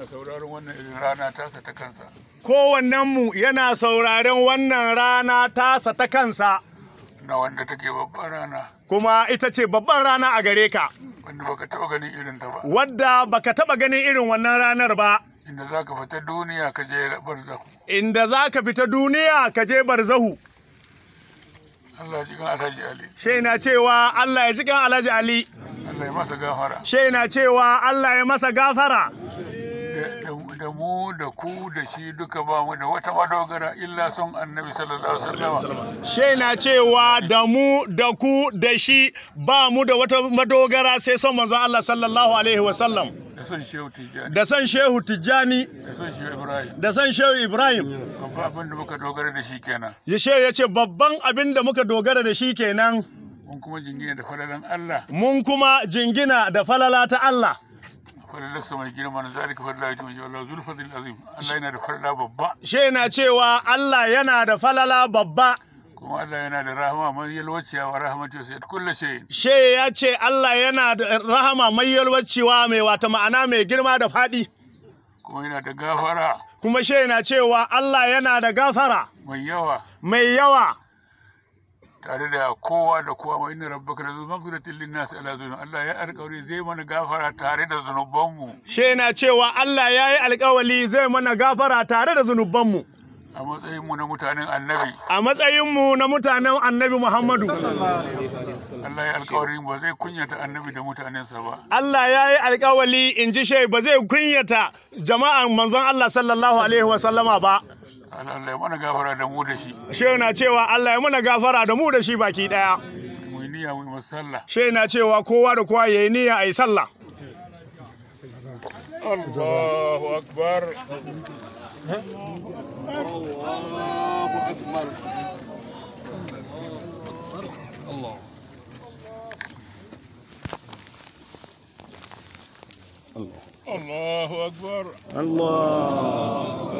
yana sauraron wannan rana tasa ta kansa kowannenmu yana sauraron wannan rana tasa ta kansa na wanda take babban rana kuma ita ce babban rana a gare ka wanda baka taba ganin irin ta ba wadda baka taba ganin irin wannan ranar ba inda za ka fita duniya ka je barzahu inda za ka fita duniya ka je barzahu Allah ji kan Alhaji Ali. Shai na cewa Allah ya ji kan Alhaji Ali. Allah ya masa gafara. Shai na cewa Allah ya masa gafara. da mu da ku da shi duka ba mu da wata madogara illa son annabi sallallahu alaihi wasallam she na cewa da mu da ku da shi ba mu da wata madogara sai son manzo Allah sallallahu alaihi wasallam da san shehu tijjani da san shehu ibrahim babban abin da muka dogara da shi kenan ya ya ce babban abin da muka dogara da shi kenan mun kuma jingina da falalan Allah mun kuma jingina da falala ta Allah fallasa mai girma na zalika falla ji mai wallahu zul fadil azim Allah yana da falla babba she yana cewa Allah yana da falala babba kuma Allah yana da rahama mai yalwaciya wa rahmatu sai kullu shay she ya ce Allah yana da rahama mai yalwaciwa mai wata ma'ana mai girma da fadi kuma yana da gafara kuma she yana cewa Allah yana da gafara mai yawa mai yawa tare da kowa da kowa ma inna rabbaka la tilin linnas ala zunub Allah ya alƙawari zai mana gafara tare da zunubanmu she na cewa Allah ya yi alƙawari zai mana gafara tare da zunubanmu a matsayin mu na mutanen annabi a matsayin mu na mutanen annabi Muhammadu Allah ya alƙawari ba zai kunyata annabi da mutanensa ba Allah ya yi alƙawari in ji shai ba zai kunyata jama'an manzon Allah sallallahu alaihi wa sallama ba Allah ya mana gafara da mu da shi shehu na cewa Allah ya mana gafara da mu da shi baki daya mu niyya mu sallah shehu na cewa kowa da kowa yayi niyya ayi sallah Allahu akbar Allahu akbar Allah الله أكبر الله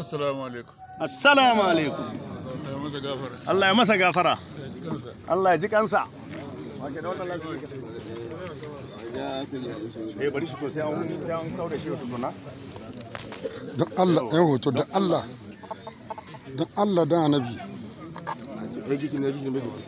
assalamu alaikum assalamu alaikum Allah ya masa gafara Allah ya ji kansa don eh, Allah eh, hoto don Allah don Allah don annabi eh,